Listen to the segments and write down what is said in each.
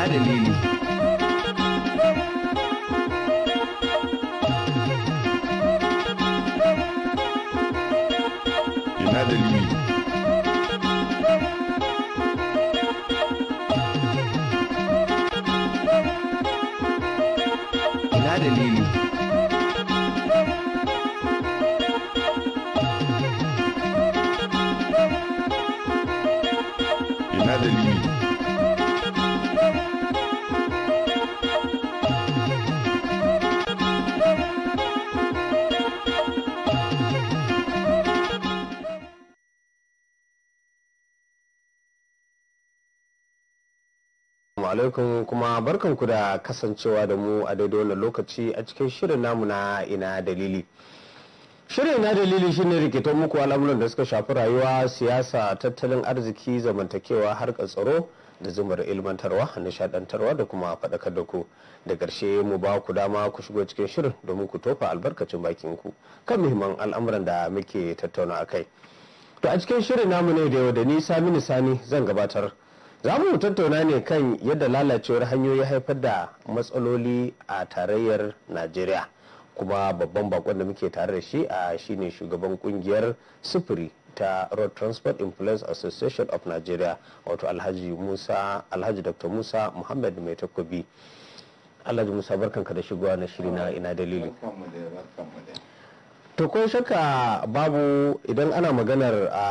Madeline. Madeline. Madeline. alaikum kuma ku da kasancewa da mu a daidai wannan lokaci a cikin shirin namu na ina dalili. Shirin ina dalili shine rikitan muku al'amuran da suka shafi rayuwa, siyasa, tattalin arziki, zamantakewa, harkar tsaro da zumar ilmantarwa, nishadantarwa da kuma faɗakar da ku. Da ƙarshe mu ba ku dama ku shigo cikin shirin domin ku tofa albarkacin bakin ku kan muhimman al'amuran da muke tattauna a kai. To a cikin shirin namu ne da yau da ni Saminu Sani zan gabatar. za mu tattauna ne kan yadda lalacewar hanyoyi haifar da matsaloli a tarayyar najeriya kuma babban bakon da muke tare da shi a shine shugaban kungiyar sufuri ta road transport influence association of nigeria wato alhaji musa alhaji dr musa muhammad mai takobi alhaji musa barkanka da shigowa na shirina ina dalili to kun shaka babu idan ana maganar a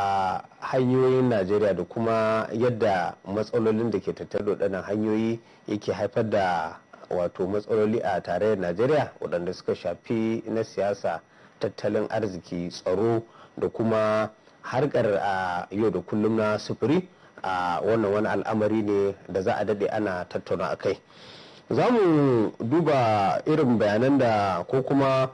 hanyoyin najeriya da kuma yadda matsalolin da ke tattaro waɗannan hanyoyi yake haifar da wato matsaloli a tarayyar najeriya waɗanda suka shafi na siyasa tattalin arziki tsaro da kuma harkar a yau da kullum na sufuri a wannan wani al'amari ne da za a daɗe ana tattauna a kai za mu duba irin bayanan da ko kuma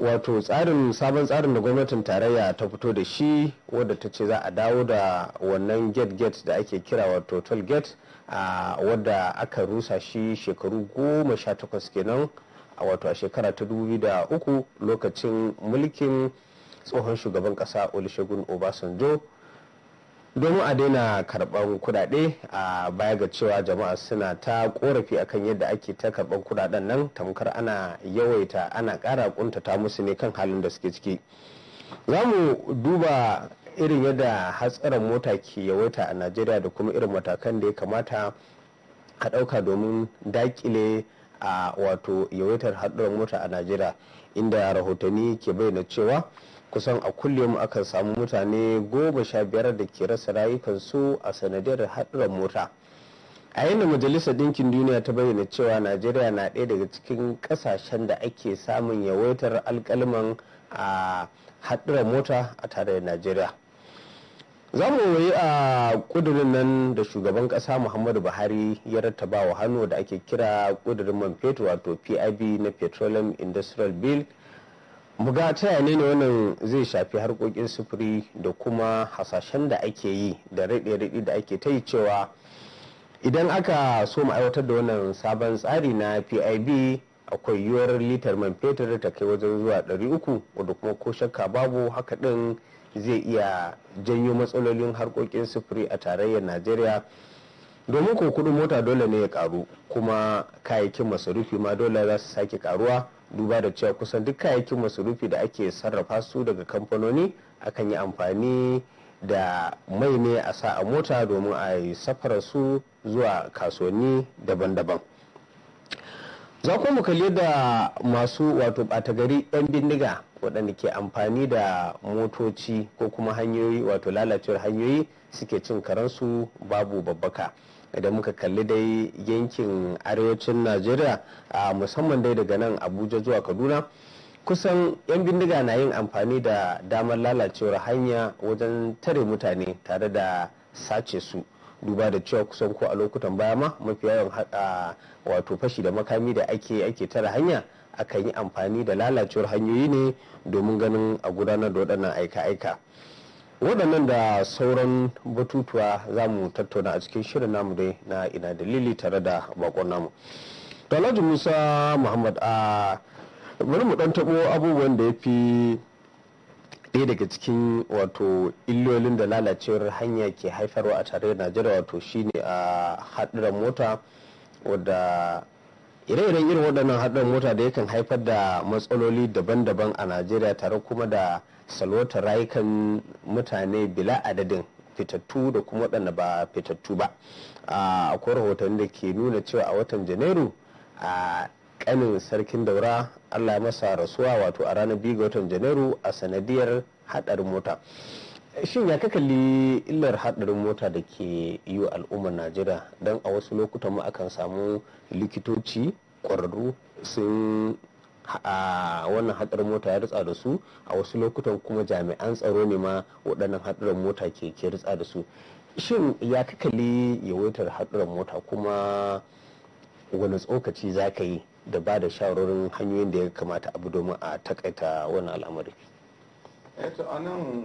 wato tsarin sabon tsarin da gwamnatin tarayya ta fito da shi wadda ta ce za a dawo da wannan gate gate da ake kira wato toll gate a wadda aka rusa shi shekaru goma sha takwas kenan a wato a shekara ta dubu da uku lokacin mulkin tsohon shugaban kasa olusegun obasanjo domin a daina karban kudade a baya ga cewa jama'a suna ta korafi akan yadda ake ta karban kudaden nan tamkar ana yawaita ana kara kuntata musu ne kan halin da suke ciki za mu duba irin yadda hatsarin mota ke yawaita a najeriya da kuma irin matakan da ya kamata a ɗauka domin dakile a wato yawaitar haɗuran mota a najeriya inda rahotanni ke bayyana cewa kusan a kullum akan samu mutane goma sha biyar da ke rasa rayukansu a sanadiyar haɗuran mota a yadda majalisar ɗinkin duniya ta bayyana cewa najeriya na ɗaya daga cikin ƙasashen da ake samun yawaitar alƙalman a haɗuran mota a tare da najeriya za mu yi a ƙudurin nan da shugaban ƙasa muhammadu buhari ya rattaba wa hannu da ake kira ƙudurin man fetur wato pib na petroleum industrial bill mu ga ta yane ne wannan zai shafi harkokin sufuri da kuma hasashen da ake yi da raɗe-raɗe da ake ta yi cewa idan aka so mu aiwatar da wannan sabon tsari na pib akwai yiwuwar litar man fetur ta kai wajen zuwa 300 wadda kuma ko shakka babu haka ɗin zai iya janyo matsalolin harkokin sufuri a tarayyar najeriya domin ko kudin mota dole ne ya karu kuma kayayyakin masarufi ma dole za su sake karuwa duba da cewa kusan duk kayayyakin masarufi da ake sarrafa su daga kamfanoni akan yi amfani da mai ne a sa a mota domin a yi safararsu su zuwa kasuwanni daban-daban za ku mu kalli da masu wato ɓata gari 'yan bindiga waɗanda ke amfani da motoci ko kuma hanyoyi wato lalacewar hanyoyi suke cin karansu babu babbaka. idan muka kalli dai yankin arewacin najeriya a musamman dai daga nan abuja zuwa kaduna kusan 'yan bindiga na yin amfani da damar lalacewar hanya wajen tare mutane tare da sace su duba da cewa kusan ko a lokutan baya ma mafi yawan wato fashi da makami da ake ake tare hanya akan yi amfani da lalacewar hanyoyi ne domin ganin a gudanar da waɗannan aika-aika waɗannan da sauran batutuwa za mu tattauna a cikin shirin namu dai na ina dalili tare da bakon namu to musa muhammad a bari mu ɗan taɓo abubuwan da ya fi ɗaya daga cikin wato illolin da lalacewar hanya ke haifarwa a tare da najeriya wato shine a haɗuran mota wadda ire-iren irin waɗannan haɗin mota da yakan haifar da matsaloli daban-daban a najeriya tare kuma da salwata rayukan mutane bila adadin fitattu da kuma waɗanda ba fitattu ba a akwai rahotanni da ke nuna cewa a watan janairu a kanin sarkin daura allah masa rasuwa wato a ranar biyu ga watan janairu a sanadiyar haɗarin mota shin ya ka kalli illar hadarin mota da ke yi al'ummar najeriya don a wasu lokutan mu akan samu likitoci kwararru sun a wannan hadarin mota ya ritsa da su a wasu lokutan kuma jami'an tsaro ne ma waɗannan hadarin mota ke ke ritsa da su shin ya ka kalli yawaitar hadarin mota kuma wani tsokaci za ka yi da ba da shawarorin hanyoyin da ya kamata abu domin a takaita wannan al'amari Eh a nan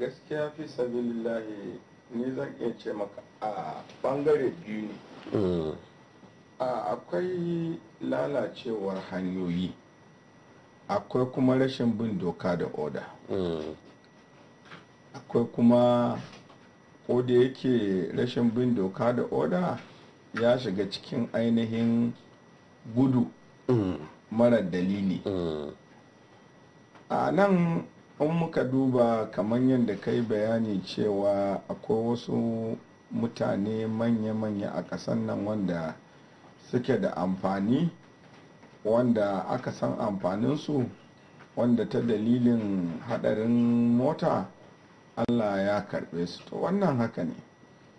gaskiya fi lillahi ni zan iya ce maka a bangare biyu ne mm. akwai lalacewar hanyoyi akwai kuma rashin bin doka da oda mm. akwai kuma koda yake rashin bin doka da oda ya shiga cikin ainihin gudu mm. mara dalili a nan in muka duba kamar yadda kai bayani cewa akwai wasu mutane manya-manya a ƙasar nan wanda suke da amfani wanda aka san amfaninsu wanda ta dalilin haɗarin mota allah ya karbe su to wannan haka ne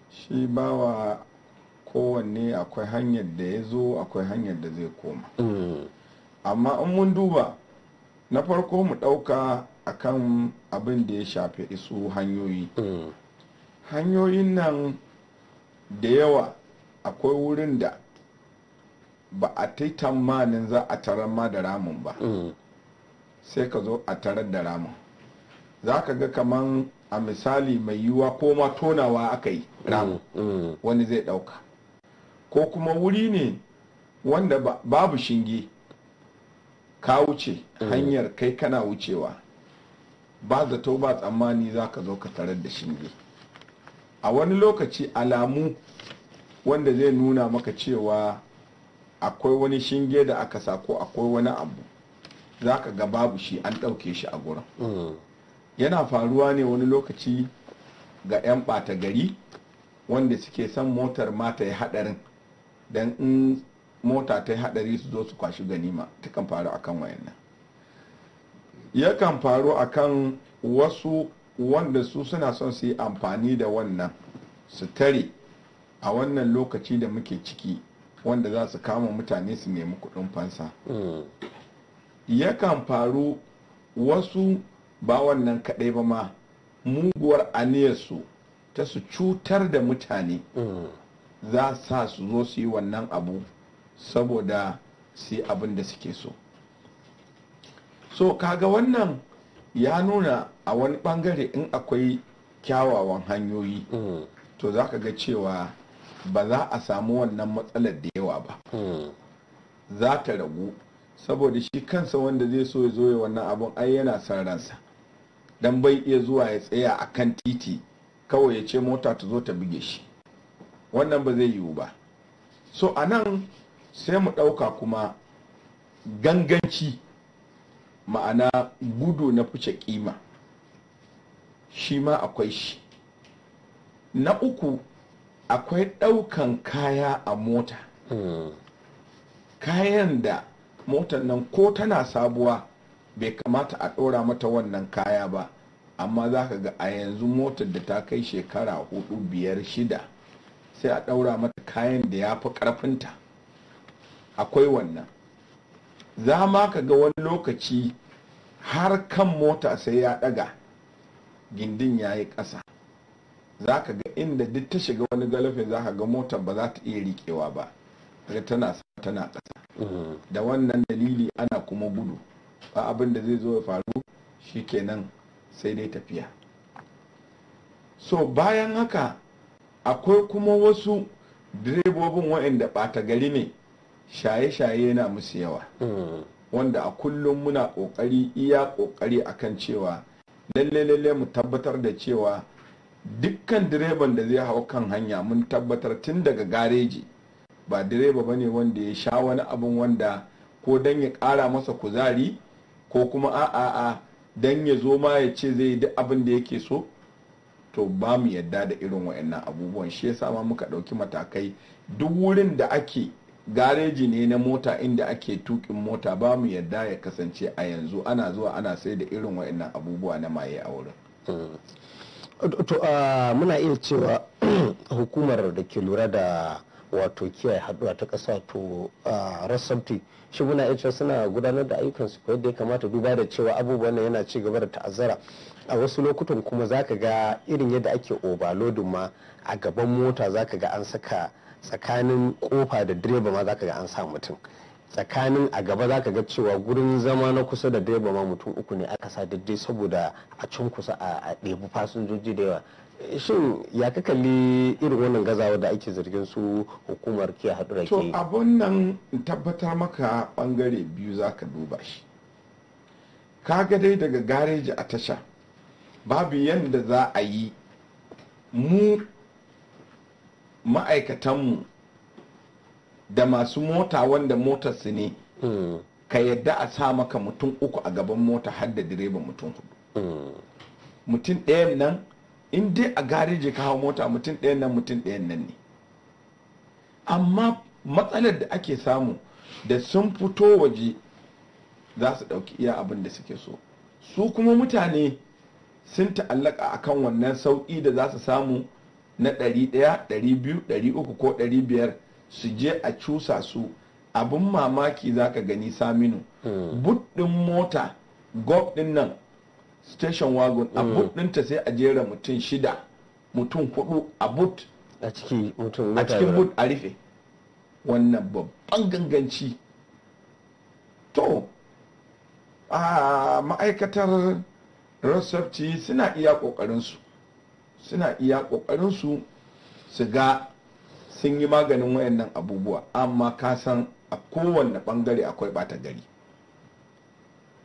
shi bawa kowanne akwai hanyar da ya zo akwai hanyar da zai koma mm. amma in mun duba na farko mu ɗauka akan abin da ya shafi isu hanyoyi mm. hanyoyin nan da yawa akwai wurin da ba a taitan za a tarar ma da ramin ba mm. sai ka zo a tarar da ramin za ka ga kaman a misali mai yiwuwa ko ma tonawa aka yi ramin mm, wani zai ɗauka ko kuma wuri ne wanda babu shinge ka wuce hanyar kai kana wucewa ba zato ba tsammani za ka zo ka tarar da shinge a wani lokaci alamu wanda zai nuna maka cewa akwai wani shinge da aka sako ko akwai wani abu za ka ga babu shi an ɗauke shi a gurin mm. yana faruwa ne wani lokaci ga 'yan ɓata gari wanda suke son motar ma ta yi haɗarin don in mota ta yi haɗari su zo su kwashi ganima takan faru a kan wayannan yakan faru a kan wasu wanda su suna son su yi amfani da wannan su tare a wannan lokaci da muke ciki wanda za su kama mutane su nemi kudin fansa yakan faru wasu ba wannan kadai ba ma muguwar su ta su cutar da mutane za sa su zo su yi wannan abu saboda su yi abin da suke so so kaga wannan ya nuna a wani bangare in akwai kyawawan hanyoyi to za ka ga cewa ba za a samu wannan matsalar da yawa ba mm. za ta ragu saboda shi kansa wanda zai so ya zo ya wannan abun ai yana san ransa dan bai iya zuwa ya tsaya a kan titi kawai ya ce mota ta zo ta buge shi wannan ba zai yiwu ba so a nan sai mu ɗauka kuma ganganci ma'ana gudu na fice kima shi ma akwai shi na uku akwai ɗaukan kaya a mota hmm. kayan da motar nan ko tana sabuwa bai kamata a ɗora mata wannan kaya ba amma za ka ga a yanzu motar da ta kai shekara hudu biyar shida sai a ɗaura mata kayan da ya fi ƙarfinta akwai wannan za ma ka ga wani lokaci har kan mota sai ya ɗaga gindin ya yi ƙasa za ka ga inda duk ta shiga wani galafin za ka ga mota ba za ta iya riƙewa ba ga tana tana ƙasa mm-hmm. da wannan dalili ana kuma gudu ba abin da zai zo ya faru shi kenan sai dai tafiya so bayan haka akwai kuma wasu direbobin waɗanda ɓata gari ne shaye-shaye yana musu yawa wanda a kullum muna ƙoƙari iya kokari kan cewa lalle lalle mu tabbatar da cewa dukkan direban da zai hau kan hanya mun tabbatar tun daga gareji ba direba ba ne wanda ya sha wani abin wanda ko don ya ƙara masa kuzari ko kuma a'a don ya zo ma ya ce zai duk abin da yake so to ba mu yadda da irin wa'annan abubuwan shi yasa ma muka ɗauki matakai duk wurin da ake gareji ne na mota inda ake tukin mota ba mu yadda ya kasance a yanzu ana zuwa ana sai da irin wa'annan abubuwa na maye a wurin mm. to ah, muna iya cewa hukumar da ke lura da wato kiyaye haduwa ta ƙasa to ah, rasamti shi muna iya cewa suna gudanar da ayyukan su yadda ya kamata duba da cewa abubuwan yana ci gaba da ta'azzara a wasu lokutan kuma zaka ga irin yadda ake obalodin ma a gaban mota zaka ga an saka tsakanin kofa da direba ma zaka ga an sa mutum tsakanin a gaba zaka ga cewa gurin zama na kusa da direba ma mutum uku ne aka sa daidai saboda a cunkusa a ɗebi fasinjoji da yawa shin ya ka kalli irin wannan gazawa da ake zargin su hukumar ke haɗu da ke to abun nan tabbatar maka bangare biyu zaka duba shi ka ga dai daga gareji a tasha babu yadda za a yi mu ma'aikatanmu da masu mota wanda su ne hmm. ka yadda a sa maka mutum uku a gaban mota har da direban mutum hudu hmm. mutum ɗayan nan in dai a gareji ka hau mota mutum ɗayan nan mutum ɗayan nan ne amma matsalar da ake samu da sun fito waje za su ɗauki iya abin da suke so su kuma mutane sun ta'allaka a kan wannan sauƙi da za su samu na ɗari ɗaya ɗari biyu ɗari uku ko ɗari biyar su je a cusa su abin mamaki za ka gani saminu hmm. but ɗin mota gob din nan station wagon a hmm. but sai a jera mutum shida mutum hudu a but a cikin but a rufe wannan babban ganganci to a ma'aikatar road suna iya ƙoƙarinsu suna iya ƙoƙarinsu su ga sun yi maganin wayannan abubuwa amma ka san a kowanne ɓangare akwai ɓata gari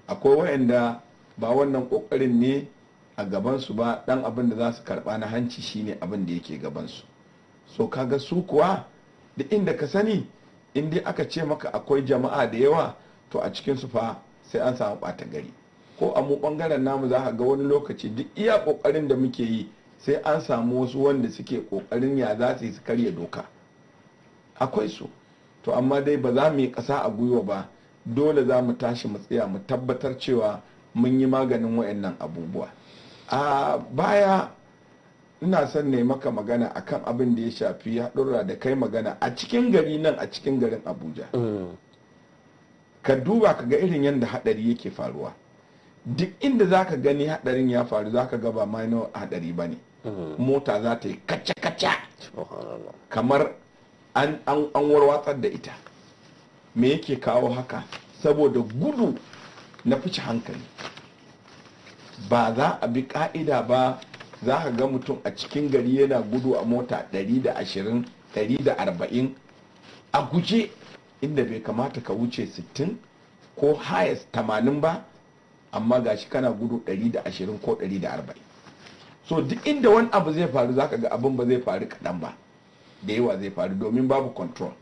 akwai wayanda ba wannan ƙoƙarin ne a gabansu ba dan abin da za su karɓa na hanci shine abin da yake gabansu so ga su kuwa da inda ka sani inda aka ce maka akwai jama'a da yawa to a cikinsu fa sai an samu ɓata gari ko a mu ɓangaren namu za ka ga wani lokaci duk iya ƙoƙarin da muke yi sai an samu wasu wanda suke kokarin ya za su yi su karya doka akwai su to amma dai ba za mu yi ƙasa a gwiwa ba dole za mu tashi mu tsaya mu tabbatar cewa mun yi maganin wayannan abubuwa a baya ina son ne maka magana akan abin da ya shafi haɗurra da kai magana a cikin gari nan a cikin garin abuja mm. ka duba ka ga irin yadda haɗari yake faruwa duk inda za ka gani haɗarin ya faru za ka gaba ba minor haɗari ba ne Mm. mota za ta yi kacca-kacca kamar an warwatsar da ita me yake kawo haka saboda gudu na fice hankali ba za a bi ka'ida ba za ka ga mutum a cikin gari yana gudu a mota 120 140 a guje inda bai kamata ka wuce 60 ko hayas 80 ba amma gashi kana gudu 120 ko 140 so duk inda wani abu zai faru zaka ga abin ba zai faru kaɗan ba da yawa zai faru domin babu control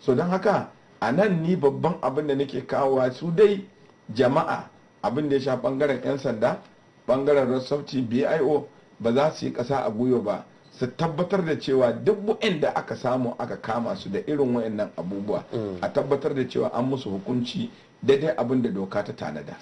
so don haka a nan ni babban abin da nake kawowa su dai jama'a abin da ya sha bangaren 'yan sanda bangaren rossofti bio ba za su yi ƙasa a guyo ba su tabbatar da cewa duk da aka samu aka kama su da irin wayannan abubuwa mm. a tabbatar da cewa an musu hukunci daidai abin da doka ta tanada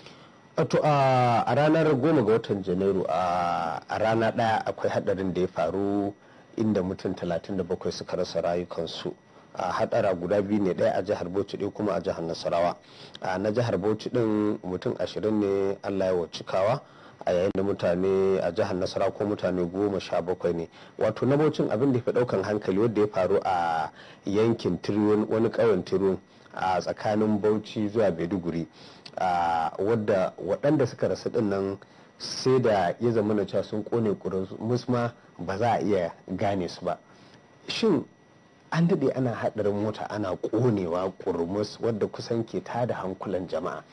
a ranar goma ga watan janairu a rana daya akwai hadarin da ya faru inda mutum 37 suka rasa rayukansu a hadara guda biyu ne daya a jihar bauchi ɗaya kuma a jihar nasarawa a na jihar bauchi ɗin mutum ashirin ne allah ya cikawa a yayin da mutane a jihar nasarawa ko mutane goma sha bakwai ne wato na baucin abin da ya fi ɗaukan hankali wanda ya faru a yankin tiriyon wani ƙauyen tiriyon a tsakanin bauchi zuwa maiduguri wadda waɗanda suka rasu ɗinnan nan sai da ya zama na cewa sun kone kurin musma ba za a iya gane su ba shin an daɗe ana haɗarin mota ana ƙonewa ƙurmus wadda kusan ke tada hankulan jama'a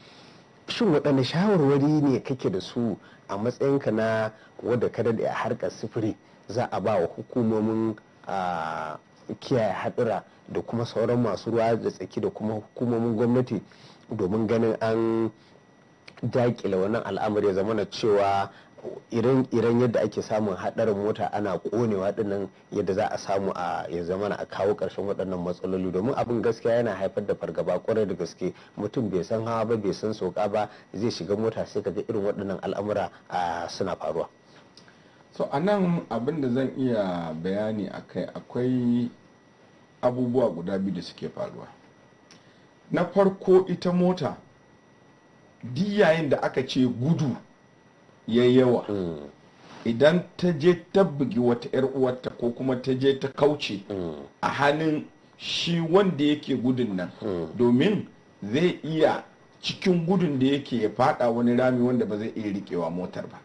shin waɗanne shawarwari ne kake da su a matsayinka na wadda ka daɗe a harkar sufuri za a ba wa hukumomin kiyaye haɗura da kuma sauran masu ruwa da tsaki da kuma hukumomin gwamnati domin ganin an dakile wannan al'amari ya zamana cewa irin yadda ake samun hadarin mota ana konewa dinnan yadda za a samu a ya zamana a kawo karshen waɗannan matsaloli domin abin gaskiya yana haifar da fargaba kwarai da gaske mutum bai san hawa ba bai san sauka ba zai shiga mota sai ga irin waɗannan al'amura suna faruwa so a nan abin da zan iya bayani akai akwai abubuwa guda biyu da suke faruwa na farko ita mota yayin da aka ce gudu ya yawa mm. idan ta je ta bugi wata 'yar uwarta ko kuma ta je ta kauce mm. a hannun shi wanda yake gudun nan mm. domin zai iya cikin gudun da yake ya fada wani rami wanda ba zai iya rikewa motar ba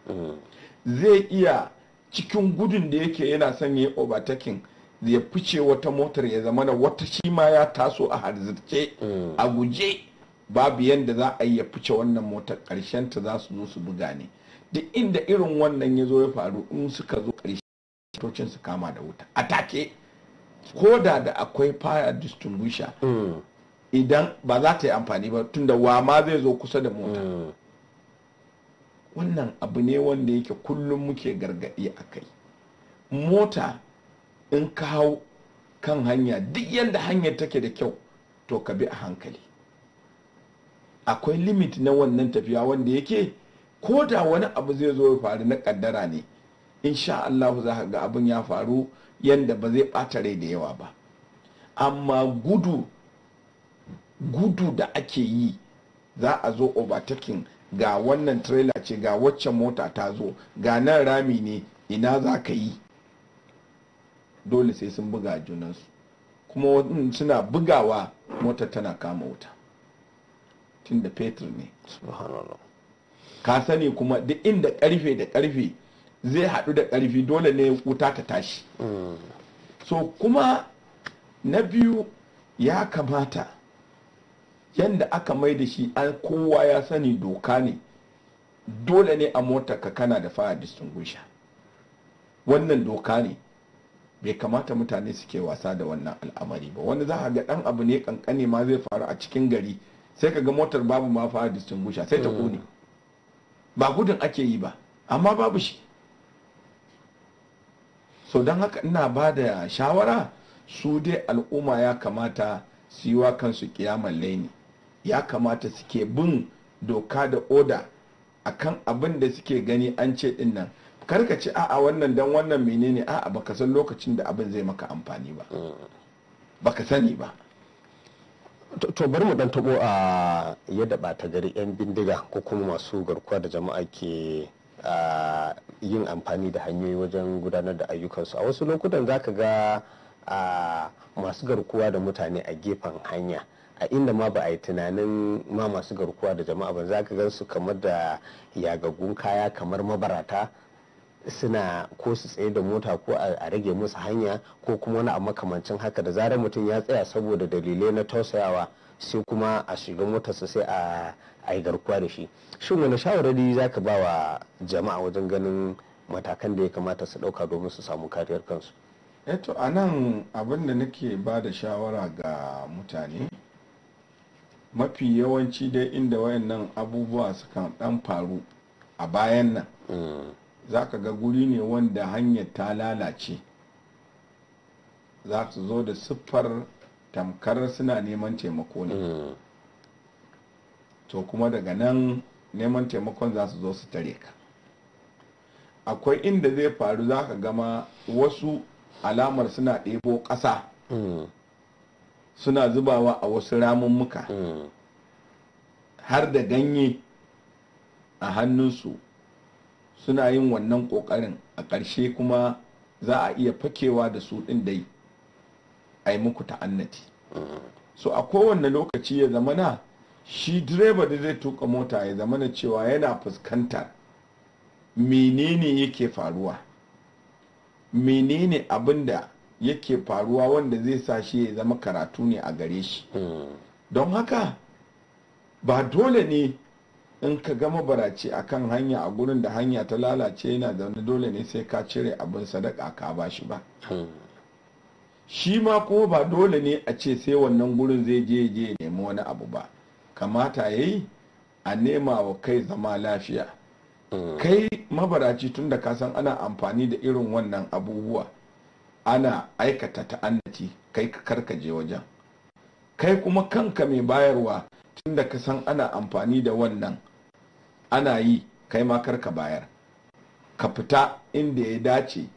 zai iya cikin gudun da yake yana son ya overtaking ya fice wata motar ya zama na wata shi ma ya taso a harzirce a guje babu yadda za a yi ya fice wannan motar ƙarshen ta za su zo su buga ne duk inda irin wannan ya zo ya faru in suka zo ƙarshen su kama da wuta a take ko da da akwai fire distinguisher idan ba za ta yi amfani ba tunda wa ma zai zo kusa da mota wannan abu ne wanda yake kullum muke gargaɗi a kai mota in ka hau kan hanya duk yadda hanyar take da kyau to ka bi a hankali akwai limit na wannan tafiya wanda yake ko da wani abu zai zo ya faru na kaddara ne insha Allah za ka ga abin ya faru yadda ba zai bata rai da yawa ba amma gudu gudu da ake yi za a zo overtaking ga wannan trailer ce ga waccan mota ta zo ga nan rami ne ina za ka yi dole sai sun buga junansu kuma suna bugawa mota tana kama wuta tunda fetur ne ka sani kuma duk inda karfe da karfe zai haɗu da karfi dole ne wuta ta tashi mm. so kuma na biyu ya kamata yadda aka mai da shi an kowa ya sani doka ne dole ne a motar ka kana da fire distinguisher wannan doka ne bai kamata mutane suke wasa da wannan al'amari ba wani za a ga dan abu ne kankane ma zai faru a cikin gari sai ka ga motar babu ma fara distinguisher sai ta kone ba gudun ake yi ba amma babu shi so don haka ina ba da shawara su dai al'umma ya kamata su yi wa kansu kiyamar laini ya kamata suke bin doka da oda akan abin da suke gani an ce dinnan. kar ka ci a'a wannan dan wannan menene a baka san lokacin da abin zai maka amfani ba baka sani ba to bari mu dan tabo a ah, yadda bata gari yan bindiga ko kuma masu garkuwa da jama'a ke ah, yin amfani da hanyoyi wajen gudanar da ayyukansu a wasu lokutan zaka ga ah, masu garkuwa da mutane a gefen hanya a inda ma ba a yi tunanin ma masu garkuwa da jama'a ba za ka gan su kamar da yagagun kaya kamar mabarata suna ko su tsaye da mota ko a rage musu hanya ko kuma wani a makamancin haka da zarar mutum ya tsaya saboda dalilai na tausayawa sai kuma a shiga motarsa sai a yi garkuwa da shi shin wani shawarari za ka ba wa jama'a wajen ganin matakan da ya kamata su ɗauka domin su samu kariyar kansu eto eh a nan abin da nake ba da shawara ga mutane mafi yawanci dai inda wayannan abubuwa sukan dan faru a bayan nan mm. za ka ga guri ne wanda hanyar ta lalace za su zo da siffar tamkar suna neman taimako ne mm. to kuma daga nan neman taimakon za su zo su tare ka akwai inda zai faru za ka gama wasu alamar suna ɗebo ƙasa mm. suna zubawa a wasu ramummuka mm. har da ganye a hannunsu suna yin wannan kokarin a ƙarshe kuma za a iya fakewa da su ɗin dai a yi muku ta'annati so a kowane lokaci ya zamana shi direba da zai tuka mota ya zamana cewa yana fuskantar menene yake faruwa menene abin da yake faruwa wanda zai sa shi ya zama karatu ne a gare shi hmm. don haka ba dole ne in ka ga barace a kan hanya a gurin da hanya ta lalace yana da wani dole ne sai ka cire abin sadaka ka ba shi ba shi ma ko ba dole ne a ce sai wannan gurin zai je je nemi wani abu ba kamata ya yi a nema wa kai zama lafiya kai mabaraci tun da ka san ana amfani da irin wannan abubuwa ana aikata ta'annaci kai ka karkaje wajen kai kuma kanka mai bayarwa tun da ka san ana amfani da wannan ana yi kai ma ka bayar ka fita inda ya dace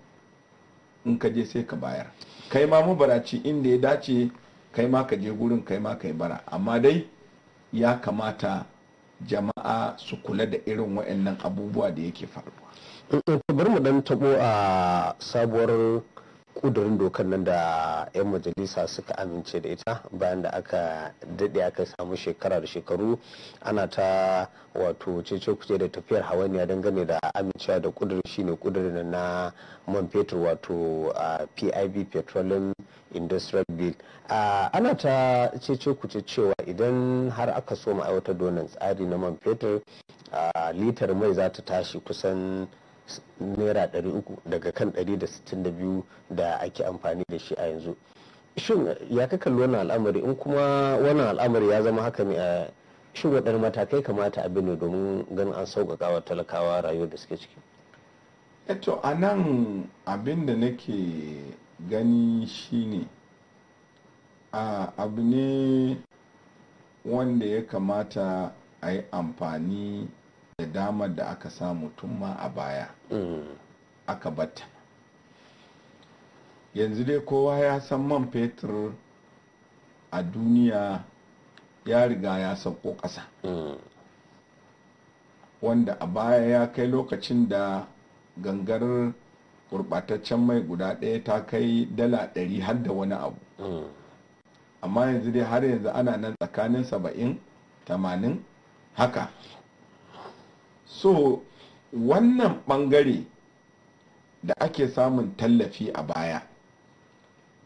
in ka je sai ka bayar kai ma mabaraci inda ya dace kai ma ka je gurin kai ma ka yi bara amma dai ya kamata jama'a su kula da irin waɗannan abubuwa da yake faruwa mm, mm, bari mu dan tabo a sabuwar kudurin dokar nan da 'yan majalisa suka amince da ita bayan da aka daɗe aka samu shekara da shekaru ana ta wato cece da tafiyar hawaniya dangane da amincewa da kudurin shine kudurin na man fetur wato pib petroleum industrial bill ana ta cece kuce cewa idan har aka so ma'aikatar donan tsari na man fetur litar mai za ta tashi kusan naira 300 daga kan 162 da ake amfani da shi a yanzu shin ya ka kalli wannan al'amari in kuma wannan al'amari ya zama haka ne a shin waɗanne matakai kamata a ne domin ganin an sauƙaƙa wa talakawa rayuwar da suke ciki eto eh a nan abin da nake gani shine a abu ne wanda ya kamata a yi amfani da damar da aka samu tun ma a baya aka batta yanzu dai kowa ya san man fetur a duniya ya riga ya sauko ƙasa wanda a baya ya kai lokacin da gangar gurɓataccen mai guda ɗaya ta kai dala ɗari har da wani abu amma yanzu dai har yanzu ana nan tsakanin saba'in tamanin haka so wannan bangare da ake samun tallafi a baya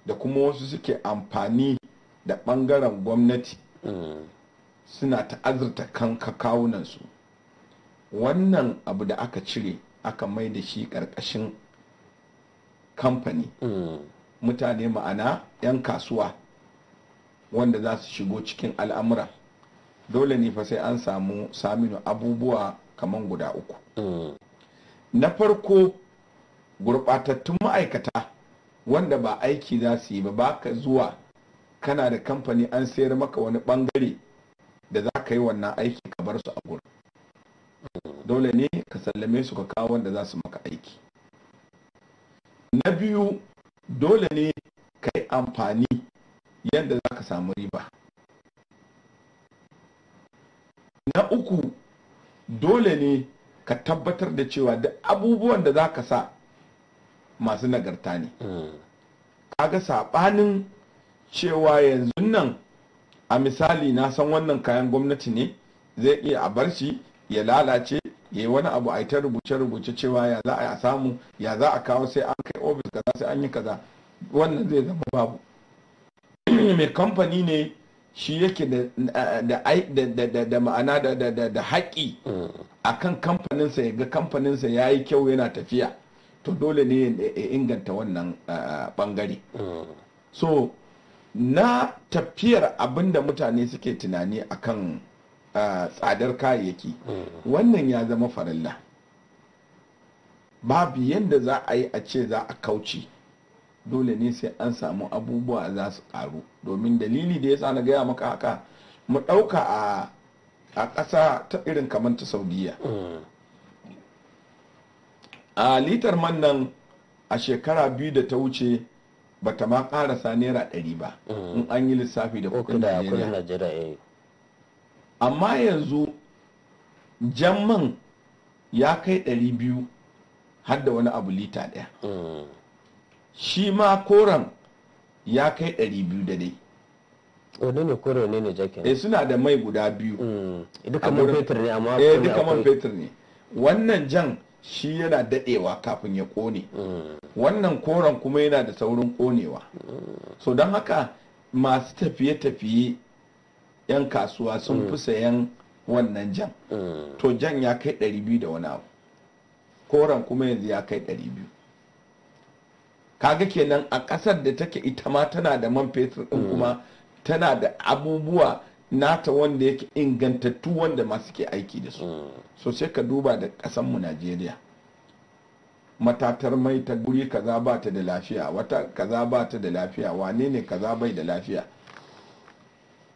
da kuma wasu suke amfani da bangaren gwamnati mm. suna ta'azurta kan kakawunansu wannan abu da aka cire aka mai da shi ƙarƙashin kamfani mm. mutane ma'ana 'yan kasuwa wanda za su shigo cikin al'amura dole ne fa sai an samu saminu abubuwa kamar guda uku mm. na farko gurɓatattun ma'aikata wanda ba aiki za su yi ba baka zuwa kana da kamfani an sayar maka wani bangare da za ka yi wannan aiki ka bar su a gurin mm. dole ne ka sallame su ka kawo wanda za su maka aiki na biyu dole ne ka yi amfani yadda za ka samu riba na uku dole ne ka tabbatar da cewa da abubuwan da za ka sa masu nagarta ne Ka ga saɓanin cewa yanzu nan a misali na san wannan kayan gwamnati ne zai iya a bar shi ya lalace ya yi wani abu a ta rubuce-rubuce cewa ya za a samu ya za a kawo sai an kai ofis kaza sai an yi kaza wannan zai zama babu mai kamfani ne shi yake da ma'ana da haƙi a kan kamfaninsa ya ga kamfaninsa ya yi kyau yana tafiya to dole ne ya inganta wannan ɓangare so na tafiyar abinda mutane suke tunani a kan tsadar kayayyaki wannan ya zama farilla babu yadda za a yi a ce za a kauce dole ne sai an samu abubuwa za su karu domin dalili da ya sa na gaya maka haka mu ɗauka a a ƙasa ta irin kamar ta saudiya a litar man nan a shekara biyu da ta wuce ba ta ma ƙarasa naira ɗari ba in an yi lissafi da kudin najeriya eh. amma yanzu jan man ya kai ɗari biyu har da wani abu lita ɗaya mm. shi ma koren ya kai 200 da dai wane ne kore ne ne jakin eh suna da mai guda biyu mm. duka man fetur ne eh, duka man fetur ne wannan jan shi yana dadewa kafin ya kone mm. wannan koren kuma yana da saurin konewa mm. so don haka masu tafiye-tafiye 'yan kasuwa sun fi sayan wannan jan to jan ya kai 200 da wani abu koren kuma yanzu ya kai 200 kaga kenan a kasar da take ita ma tana da man fetur ɗin mm. kuma tana da abubuwa nata wanda yake ingantattu wanda masu ke aiki da su mm. so sai ka duba da mu najeriya matatar mai ta guri kaza ba ta da lafiya wata kaza ba ta da lafiya wane ne kaza bai da lafiya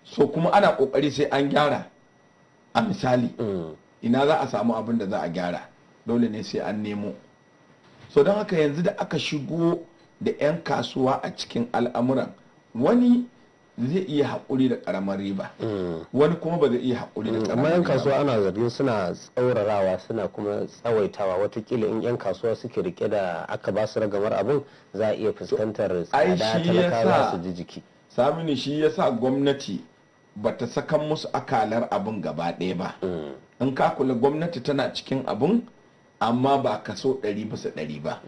so kuma ana kokari sai an gyara a misali mm. ina za a samu abin da za a gyara dole ne sai an nemo so don haka yanzu da aka shigo da 'yan kasuwa a cikin al'amuran wani zai iya haƙuri da ƙaramar riba mm. wani kuma ba zai iya haƙuri da mm. ƙaramar riba amma 'yan kasuwa ana zargin suna tsaurarawa suna kuma tsawaitawa watakila in 'yan kasuwa suke rike da aka ba su ragamar abin za a iya fuskantar tsada su ji jiki samini shi yasa gwamnati ba ta sakan musu akalar abin gaba ɗaya ba mm. in ka kula gwamnati tana cikin abin amma ba kaso ɗari bisa ɗari ba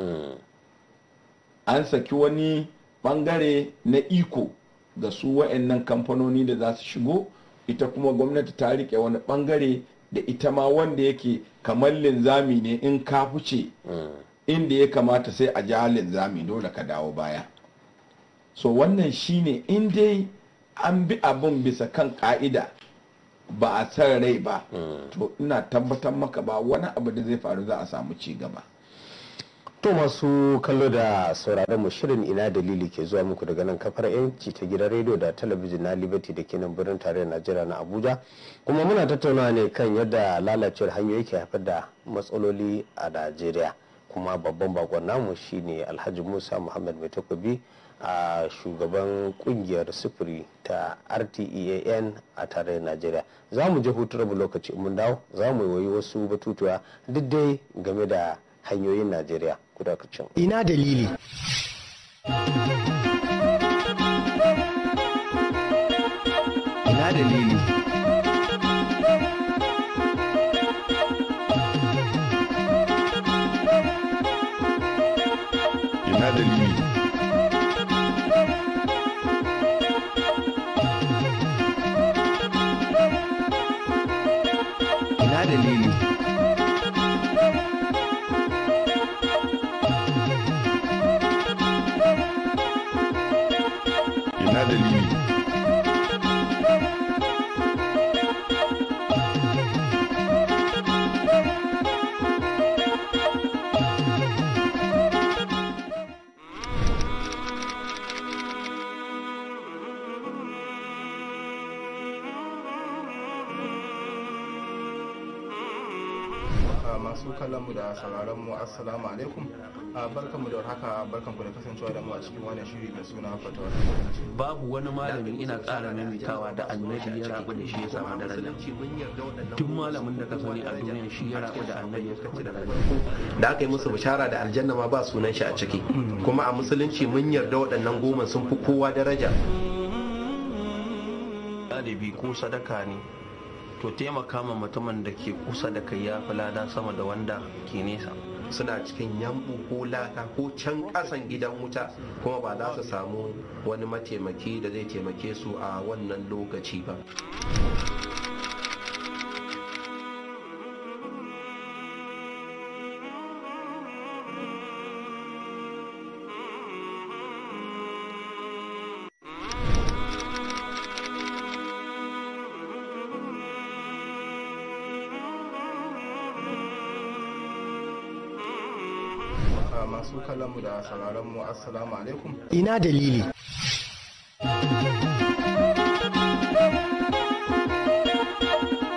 an saki wani bangare na iko ga su wa'annan kamfanoni da za su shigo ita kuma gwamnati ta rike wani bangare da ita ma wanda yake kamar linzami ne in ka fice hmm. inda ya kamata sai a ja linzami dole ka dawo baya so wannan shine in dai an bi abin bisa kan ka'ida ba a san rai ba hmm. to ina tabbatar maka ba wani abu da zai faru za a samu ci gaba To masu kallo da sauraron mu shirin ina dalili ke zuwa muku daga nan kafar yanci ta gidan rediyo da talabijin na Liberty da ke nan birnin tarayyar Najeriya na Abuja. Kuma muna tattaunawa ne kan yadda lalacewar hanyoyi ke haifar da matsaloli a Najeriya. Kuma babban bakon namu shine Alhaji Musa Muhammad Mai Takobi a shugaban kungiyar sufuri ta RTEAN a tarayyar Najeriya. Za mu je hutu rabu lokaci mun dawo za mu yi wasu batutuwa duk dai game da hanyoyin najeriya kudakacin ina dalili ina dalili barkan ku da kasancewa da mu a cikin wannan shiri da suna babu wani malami ina ƙara maimaitawa da annabi ya rabu da shi ya samu da rana duk malamin da ka sani a duniya shi ya rabu da annabi ya kace da rana da aka yi musu bishara da aljanna ma ba sunan shi a ciki kuma a musulunci mun yarda waɗannan goma sun fi kowa daraja ɗalibi ko sadaka ne to taimaka ma mutumin da ke kusa da kai ya fi lada sama da wanda ke nesa suna cikin yambu ko laka ko can kasan gidan wuta kuma ba za su samu wani mataimaki da zai taimake su a wannan lokaci ba masu kallonmu da sauraronmu assalamu alaikum ina dalili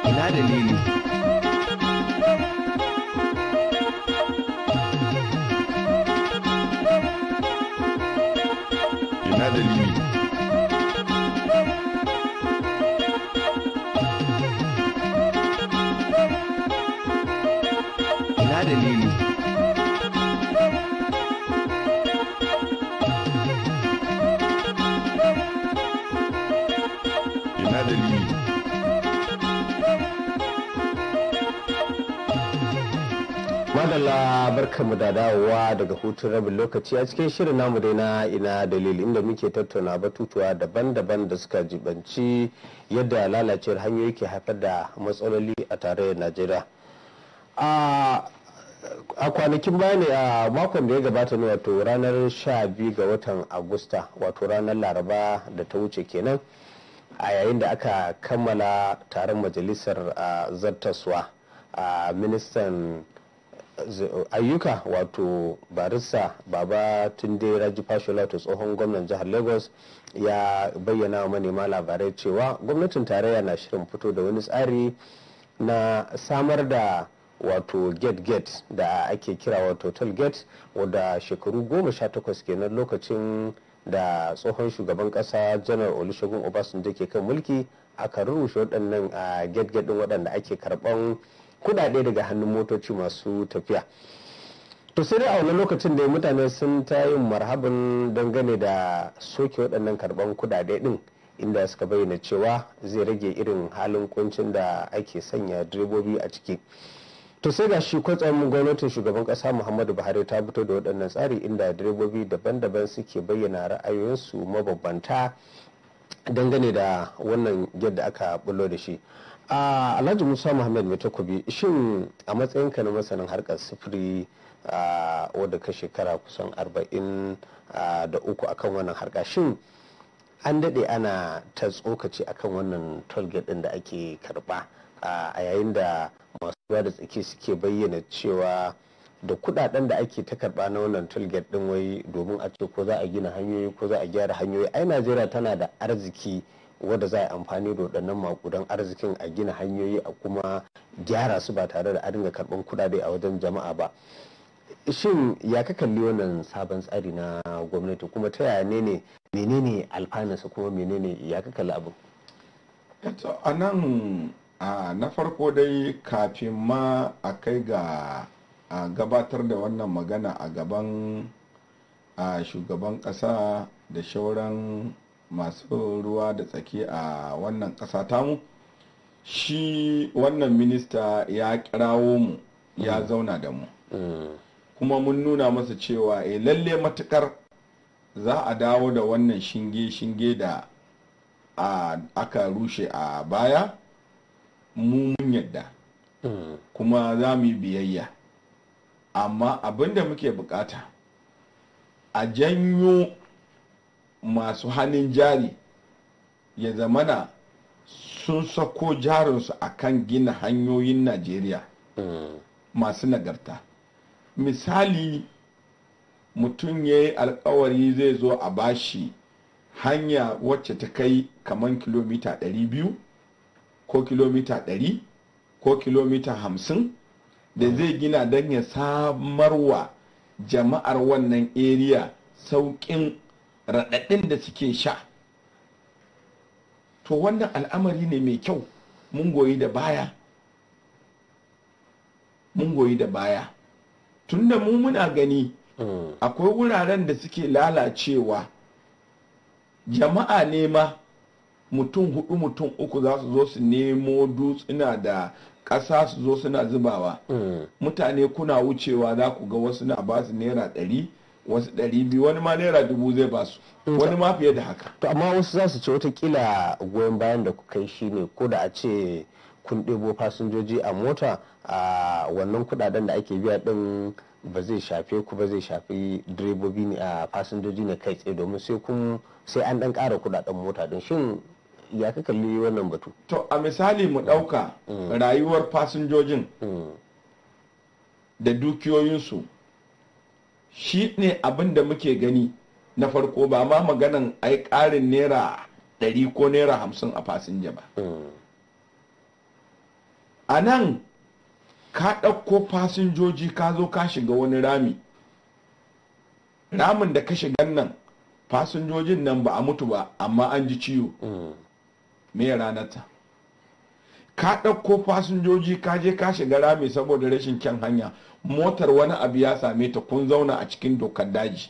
ina dalili barkamu da dawowa daga hutun rabin lokaci a cikin shirin namu dai na ina dalilin inda muke tattauna batutuwa daban-daban da suka jibanci yadda lalacewar hanyoyi ke haifar da matsaloli a tarayyar najeriya a kwanakin baya ne a makon da ya gabata ne wato ranar 12 ga watan agusta wato ranar laraba da ta wuce kenan a yayin da aka kammala taron majalisar zartaswa a ministan ayyuka wato barista baba tunde raji fashola to tsohon gwamnan jihar lagos ya bayyana wa manema labarai cewa gwamnatin tarayya na shirin fito da wani tsari na samar da wato gate get da ake kira wato total gate wadda shekaru goma sha takwas kenan lokacin da tsohon shugaban kasa janar olusegun obasanjo ke kan mulki aka rurrushe waɗannan a ah, gate ɗin waɗanda ake karɓan kudade daga hannun motoci masu tafiya to sai dai a wani lokacin da mutane sun ta yin marhabin dangane da soke waɗannan karban kudade ɗin, inda suka bayyana cewa zai rage irin halin kuncin da ake sanya direbobi a ciki to sai ga shi kwatsam gwamnatin shugaban kasa muhammadu buhari ta fito da waɗannan tsari inda direbobi daban-daban suke bayyana ra'ayoyinsu mabambanta dangane da wannan yadda aka bullo da shi a alhaji musa muhammad mai takobi shin a matsayinka na masanin harkar sufuri wadda ka shekara kusan arba'in da uku akan wannan harka shin an daɗe ana ta tsokaci akan wannan target ɗin da ake karba a yayin da masu ruwa da tsaki suke bayyana cewa da kudaden da ake ta karba na wannan tollgate ɗin wai domin a ce ko za a gina hanyoyi ko za a gyara hanyoyi ai najeriya tana da arziki wadda za a amfani da waɗannan makudan arzikin a gina hanyoyi a kuma gyara su ba tare da a dinga karɓar kuɗaɗe a wajen jama'a ba shin ya ka kalli wannan sabon tsari na gwamnati kuma ta yaya ne ne menene alfanarsa kuma menene ya ka kalli abin a nan na farko dai kafin ma a kai ga gabatar da wannan magana a gaban shugaban ƙasa da shauran masu ruwa da tsaki a wannan ƙasa tamu shi wannan minista ya kirawo mu ya mm. zauna da mu mm. kuma mun nuna masa cewa e lalle matukar za a dawo da wannan shinge-shinge da aka rushe a baya mun yadda mm. kuma za mu yi biyayya amma abinda muke bukata a janyo masu hannun jari ya zamana sun sako jarinsu a kan gina hanyoyin najeriya masu nagarta misali mutum ya yi alkawari zai zo a bashi hanya wacce ta kai kamar kilomita 200 ko kilomita 100 ko kilomita 50 da zai gina don ya samarwa jama'ar wannan area sauƙin raɗaɗin da suke sha to wannan al'amari ne mai kyau mun goyi da baya mun goyi da baya tunda mu muna gani hmm. akwai wuraren da suke lalacewa jama'a ne ma mutum hudu mutum uku za su zo su nemo dutsuna da ƙasa su zo suna zubawa hmm. mutane kuna wucewa za ku ga wasu na ba su naira ɗari wasu ɗari biyu wani ma naira dubu zai ba su mm. wani ma fiye da haka to amma wasu za su ce kila goyon bayan da kuka yi shine ko da a ce kun ɗebo fasinjoji a mota a wannan kuɗaɗen da ake biya ɗin ba zai shafe ku ba zai shafi direbobi ne a fasinjoji ne kai tsaye domin sai kun sai an ɗan ƙara kuɗaɗen mota din shin ya ka kalli wannan batu to a misali mu ɗauka mm. rayuwar fasinjojin mm. da dukiyoyinsu shi ne abin da muke gani na farko ba ma maganan ai ƙarin naira ɗari ko naira hamsin a fasinja ba a nan ka ɗauko fasinjoji ka zo ka shiga wani rami ramin da ka shiga nan fasinjojin nan ba a mutu ba amma an ji ciwo mm. me ranarta ka ɗauko fasinjoji ka je ka shiga rami saboda rashin kyan hanya motar wani abu ya same ta kun zauna a cikin dokar daji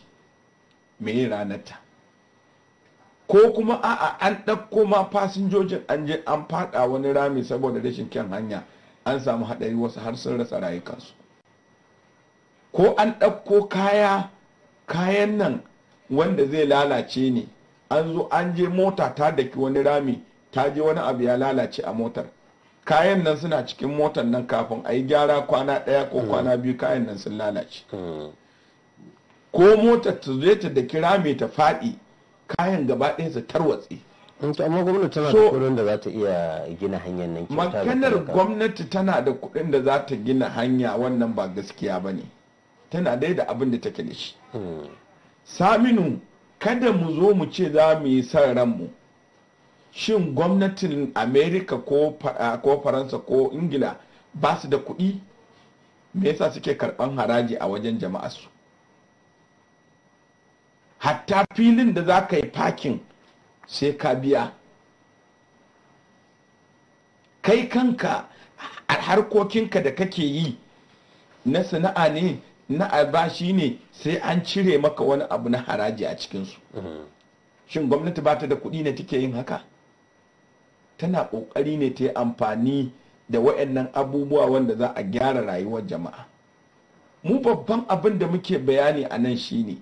me ranarta ko kuma a'a an ɗauko ma fasinjojin an je an faɗa wani rami saboda rashin kyan hanya an samu haɗari wasu har sun rasa rayukansu ko an ɗauko kaya kayan nan wanda zai lalace ne an zo an je mota ta daki wani rami ta je wani abu ya lalace a motar kayan nan suna cikin motar nan kafin a yi gyara kwana ɗaya ko hmm. kwana biyu kayan nan sun lalace hmm. ko motar ta zai ta da kira mai ta faɗi kayan gaba ɗaya su tarwatse hmm, amma gwamnati tana da kuɗin da za ta iya gina hanyar nan maganar gwamnati tana da kuɗin da za gina hanya wannan ba gaskiya ba ne tana dai da abin da take da shi saminu kada mu zo mu ce za mu yi son ranmu shin gwamnatin amerika ah, ko faransa ko ingila ba su da kuɗi me yasa suke karɓan haraji a wajen jama'arsu hatta filin da za ka yi fakin sai ka biya kai kanka a ah, harkokinka da kake yi na sana'a ne na albashi ne sai an cire maka wani abu na haraji a cikinsu mm-hmm. shin gwamnati ba ta da kuɗi ne take yin haka tana ƙoƙari ne ta yi amfani da wa'annan abubuwa wanda za a gyara rayuwar jama'a mu babban abin da muke bayani a nan shine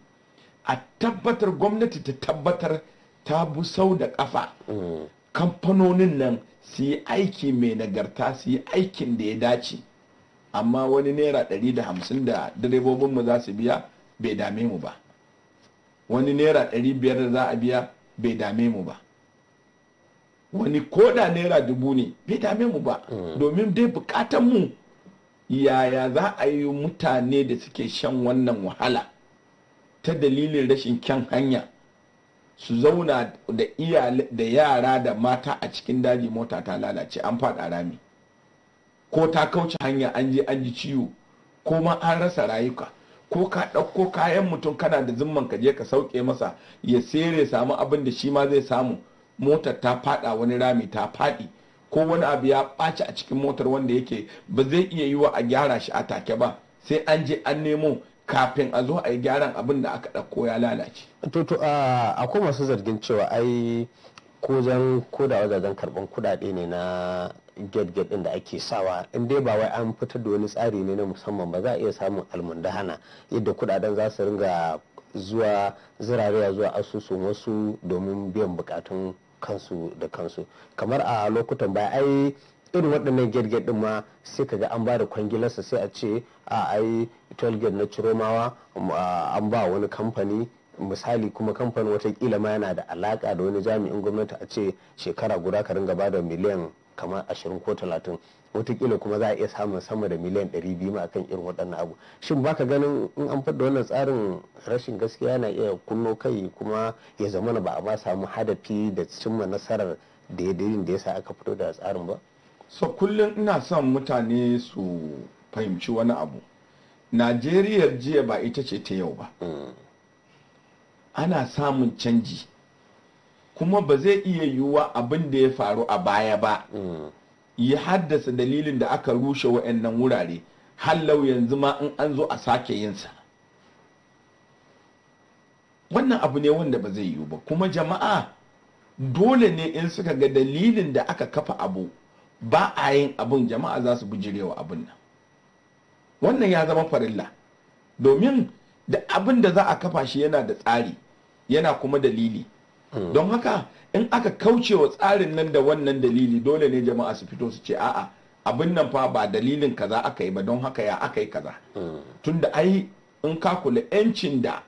a tabbatar gwamnati ta tabbatar ta busau da ƙafa mm. kamfanonin nan su yi aiki mai nagarta su yi aikin da ya dace amma wani naira 150 da direbobinmu za su biya bai dame mu ba wani naira 500 da za a biya bai dame mu ba wani koda naira dubu ne bai dame mu ba hmm. domin dai bukatan mu yaya za a yi mutane da suke shan wannan wahala ta dalilin rashin kyan hanya su zauna da yara da mata a cikin daji mota ta lalace an faɗa rami ko ta kauce hanya an je an ji ciwo ko ma an rasa rayuka ko ka ɗauko kayan mutum kana da zimman ka je ka sauke masa ya sere samu abin da shi ma zai samu motar ta fada wani rami ta fadi ko wani abu ya ɓaci a cikin motar wanda yake ba zai iya yi wa a gyara shi a take ba sai an je an nemo kafin a zo a yi gyaran abin da aka ɗauko ya lalace. to to akwai masu zargin cewa ai ko zan ko da wajajen karɓar kuɗaɗe ne na get-get ɗin da ake sawa in dai ba wai an fitar da wani tsari ne na musamman ba za a iya samun almundahana yadda kuɗaɗen za su ringa zuwa zirariya zuwa asusun wasu domin biyan bukatun kansu da kansu kamar a lokutan baya ai irin waɗannan girgir ɗin ma sai ga an ba da kwangilarsa sai a ce a ai tolgate na ciromawa um, an ba wani kamfani misali kuma kamfanin watakila ma yana da alaka da wani jami'in gwamnati a ce shekara guda ka ringa ba da miliyan kamar ashirin ko talatin watakila kuma za a iya samun sama da miliyan ɗari biyu ma akan irin waɗannan abu shin baka ganin in an fadda wannan tsarin rashin gaskiya na iya kunno kai kuma ya zamana ba a ba samu hadafi da cimma nasarar daidai da ya sa aka fito da tsarin ba so kullum ina son mutane su fahimci wani abu najeriya jiya ba ita ce ta yau ba mm. ana samun canji kuma ba zai iya yiwuwa abin da ya faru a baya ba mm. ya haddasa dalilin da aka rushe wa'annan wurare hallau yanzu ma in an zo a sake yinsa wannan abu ne wanda ba zai yiwu ba kuma jama'a dole ne in suka ga dalilin da aka kafa abu ba a yin abin jama'a za su bujirewa abin nan wannan ya zama farilla domin da abin da za a kafa shi yana da tsari yana kuma dalili Mm. don haka in aka kauce wa tsarin nan da wannan dalili dole ne jama'a su fito su ce a'a abin nan fa ba dalilin kaza aka yi ba don haka ya aka yi kaza mm. tunda ai in ka kula yancin da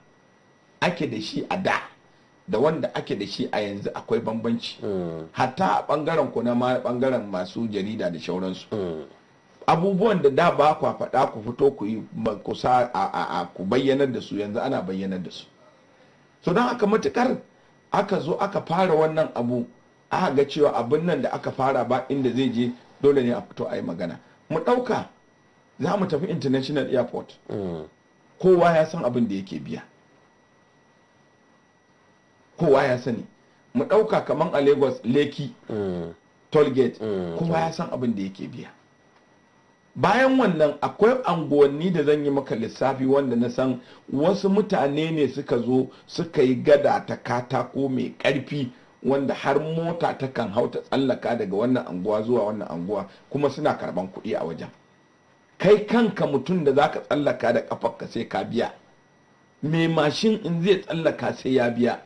ake da shi a da da wanda ake da shi a yanzu akwai bambanci mm. hatta a bangaren ku na bangaren masu jarida da shauransu abubuwan da da ba ku faɗa ku fito ku yi kusa a ku bayyanar da su yanzu ana bayyanar da su so don haka matukar aka zo aka fara wannan abu a ga cewa abin nan da aka fara ba inda zai je dole ne a fito a yi magana mu ɗauka za mu tafi international airport mm. kowa ya san abin da yake biya kowa ya sani mu ɗauka kamar a lagos leki mm. tollgate mm, kowa ya san abin da yake biya bayan wannan akwai anguwanni da zan yi maka lissafi wanda na san wasu mutane ne suka zo suka yi gada ta katako mai ƙarfi wanda har mota ta kan hau ta tsallaka daga wannan anguwa zuwa wannan anguwa kuma suna karban kuɗi a wajen kai kanka mutum da za ka tsallaka da kafarka sai ka biya mai mashin in zai tsallaka sai ya biya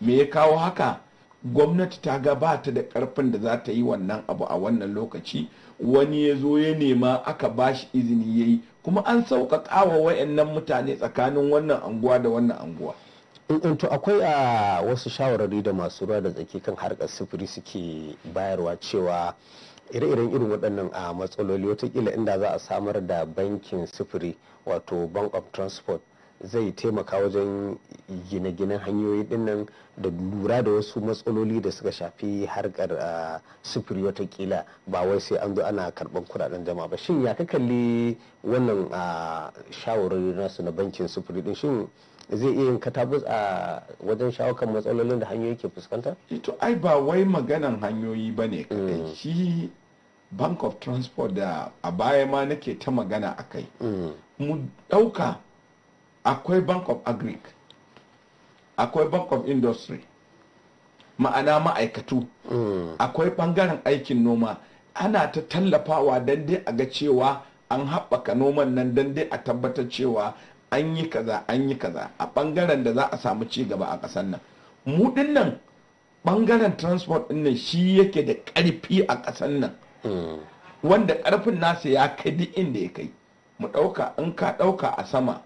me ya kawo haka gwamnati ta gabata da karfin da za ta yi wannan abu a wannan lokaci wani ya zo ya nema aka ba shi izini ya yi kuma an sauƙaƙa wa wayannan mutane tsakanin wannan anguwa da wannan anguwa eh, eh, to akwai a ah, wasu shawararri da masu ruwa da tsaki kan harkar sufuri suke bayarwa cewa ire-iren irin waɗannan a ah, matsaloli watakila inda za a samar da bankin sufuri wato bank of transport zai taimaka wajen gine-ginen hanyoyi dinnan da lura da wasu matsaloli da suka shafi harkar ah, sufuri watakila ba wai sai an zo ana karban kudaden jama'a ba shin ya ka kalli wannan ah, shawarwari nasu na bankin sufuri din shin zai iya yin katabus a ah, wajen shawo kan matsalolin da hanyoyi ke fuskanta? Eh, to ai ba wai maganan hanyoyi ba ne mm. shi bank of transport da a baya ma nake ta magana a kai mm. mu ɗauka akwai bank of agric akwai bank of industry ma'ana ma'aikatu hmm. akwai bangaren aikin noma ana ta tallafawa don dai a ga cewa an haɓaka noman nan don dai a tabbatar cewa an yi kaza an yi kaza a bangaren da za a samu ci gaba a ƙasar nan mu nan bangaren transport din nan shi yake da ƙarfi a ƙasar nan hmm. wanda ƙarfin nasa ya kai duk inda ya kai mu ɗauka in ka ɗauka a sama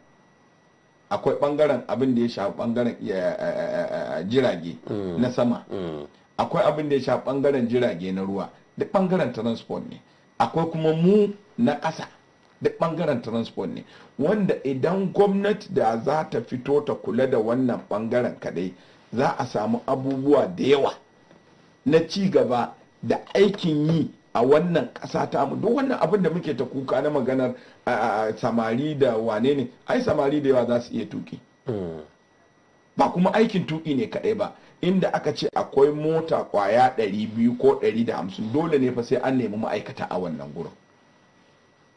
akwai bangaren abin da ya shafi bangaren jirage mm. na sama mm. akwai abin da ya sha bangaren jirage na ruwa duk bangaren transport ne akwai kuma mu na ƙasa duk bangaren transport ne wanda idan gwamnati da za ta fito ta kula da wannan bangaren kadai za a samu abubuwa da yawa na ci gaba da aikin yi a wannan ƙasa ta mu duk wannan abin da muke ta kuka na maganar samari da wane ne ai samari da yawa za su iya tuki ba kuma aikin tuki ne kaɗai ba inda aka ce akwai mota kwaya 200 ko 150 dole ne fa sai an nemi ma'aikata a wannan gurin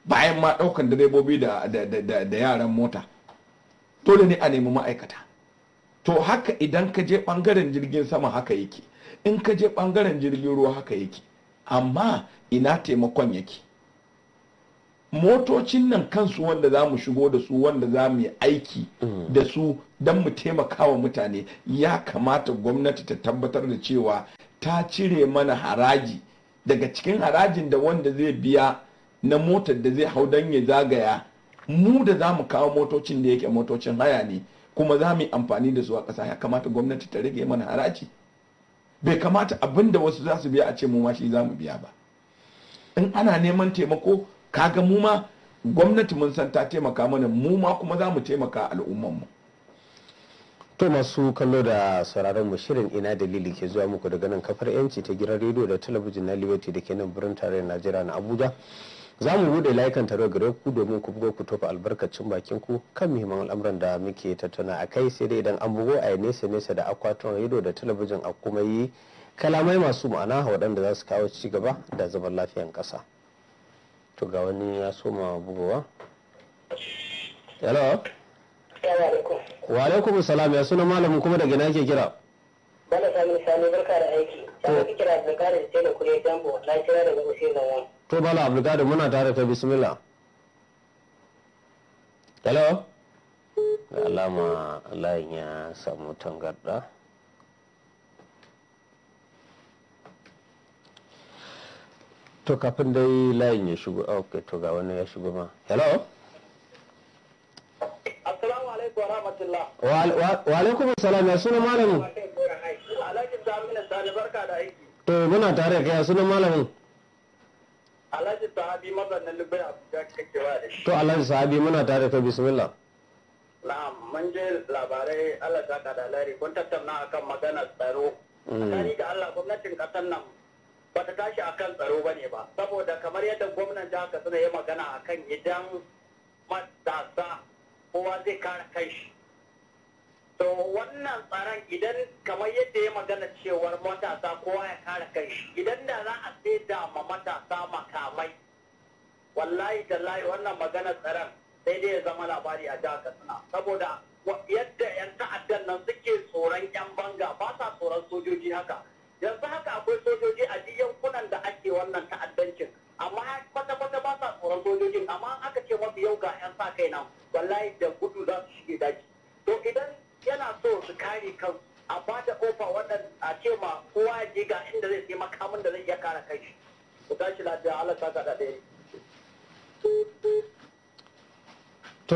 bayan ma ɗaukan direbobi da yaran mota dole ne a nemi ma'aikata to haka idan ka je ɓangaren jirgin sama haka yake in ka je ɓangaren jirgin ruwa haka yake amma ina taimakon yake motocin nan kansu wanda za mu shigo da su wanda za mu yi aiki mm. da su don mu taimaka wa mutane ya kamata gwamnati ta tabbatar da cewa ta cire mana haraji daga cikin harajin da wanda zai biya na motar da zai hau don ya zagaya mu da za mu kawo motocin da yake motocin haya ne kuma za mu yi amfani da su a ƙasa ya kamata gwamnati ta rage mana haraji bai kamata abin da wasu za su biya a ce mu shi za mu biya ba in ana neman taimako kaga mu ma gwamnati mun san ta taimaka mana mu ma kuma za mu taimaka al'umman mu to masu kallo da sauraron mu shirin ina dalili ke zuwa muku daga nan kafar yanci ta gidan rediyo da talabijin na liberty da ke nan birnin tarayyar najeriya na abuja za mu bude layukan taro gare ku domin ku bugo ku tofa albarkacin bakin ku kan muhimman al'amuran da muke tattauna a kai sai dai idan an bugo a nesa nesa da akwatin rediyo da talabijin a kuma yi kalamai masu ma'ana waɗanda za su kawo ci gaba da zaman lafiyan ƙasa to ga wani ya soma bugowa hello wa alaikum salam ya suna malamin kuma daga na ke kira bana sami sami barka da aiki ta kira da kare da tela kure jambo na kira daga usain lawan to bala abdulkadir muna tare ta bismillah hello da alama layin ya samu tangarda to kafin dai layin ya shigo oh, ok to ga wani ya shigo ma hello assalamu alaikum wa rahmatullah wa alaikum assalam ya suna malamin alhaji samina sani barka da aiki to eh, muna tare ka ya suna malamin Alhaji sahabi mazannin Libai kake da shi. To Alhaji sahabi muna tare ka bismillah. Na'am mun je labarai Allah ta kada lari kun tattauna akan magana tsaro. Hmm. Tsakani da Allah gwamnatin kasar nan ba ta tashi kan tsaro ba ne ba saboda kamar yadda gwamnan jihar Katsina ya magana akan idan matasa kowa zai kare kai shi. to wannan tsaron idan kamar yadda ya magana cewar matasa kowa ya kare kai idan da za a saida ma matasa makamai wallahi tallahi wannan magana tsaron sai dai ya zama labari a jihar katsina saboda yadda yan ta'addan nan suke tsoron yan banga ba sa tsoron sojoji haka yanzu haka akwai sojoji a duk yankunan da ake wannan ta'addancin amma kwata kwata ba sa tsoron sojojin amma aka ce mafi yau ga yan sa kai nan wallahi da gudu za su shige daji to idan yana so su kare kan a ba da kofa wannan a ce ma kowa ya je ga inda zai sai makamin da zai iya kare kai shi ku tashi lafiya Allah ta da ɗaya to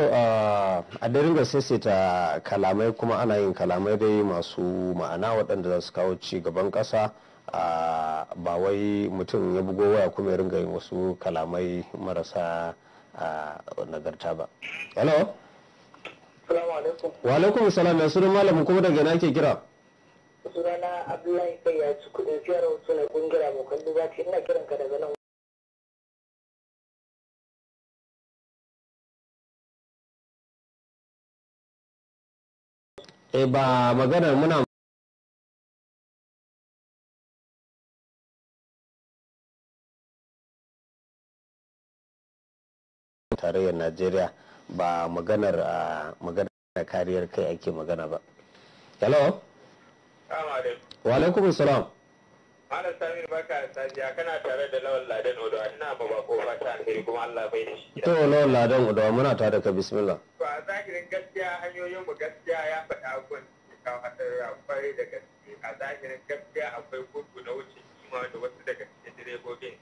a daren da saisaita kalamai kuma ana yin kalamai dai masu ma'ana waɗanda za su kawo ci gaban ƙasa ba wai mutum ya bugo waya kuma ya ringa yin wasu kalamai marasa nagarta ba hello Assalamu alaikum. Wa alaikum salam ya sunan malamin kuma daga na ke kira. Sunana Abdullahi kai ya ci kudin fiyar wasu na kungiyar kan duba ce ina kiran ka daga nan. E ba maganar muna tarayyar Najeriya. ba maganar maganar kariyar kai ake magana ba hello wa alaikum salam Malam Samir baka da sajiya kana tare da lawan Ladan Odowa ina ba bako ba ta alheri kuma Allah bai da shi. To lawan Ladan Odo muna tare da ka bismillah. Ba zahirin gaskiya hanyoyin mu gaskiya ya faɗa abubuwan da kawo hatsarra kwarai da gaske a zahirin gaskiya akwai gudu na wuce kima da wasu daga cikin direbobin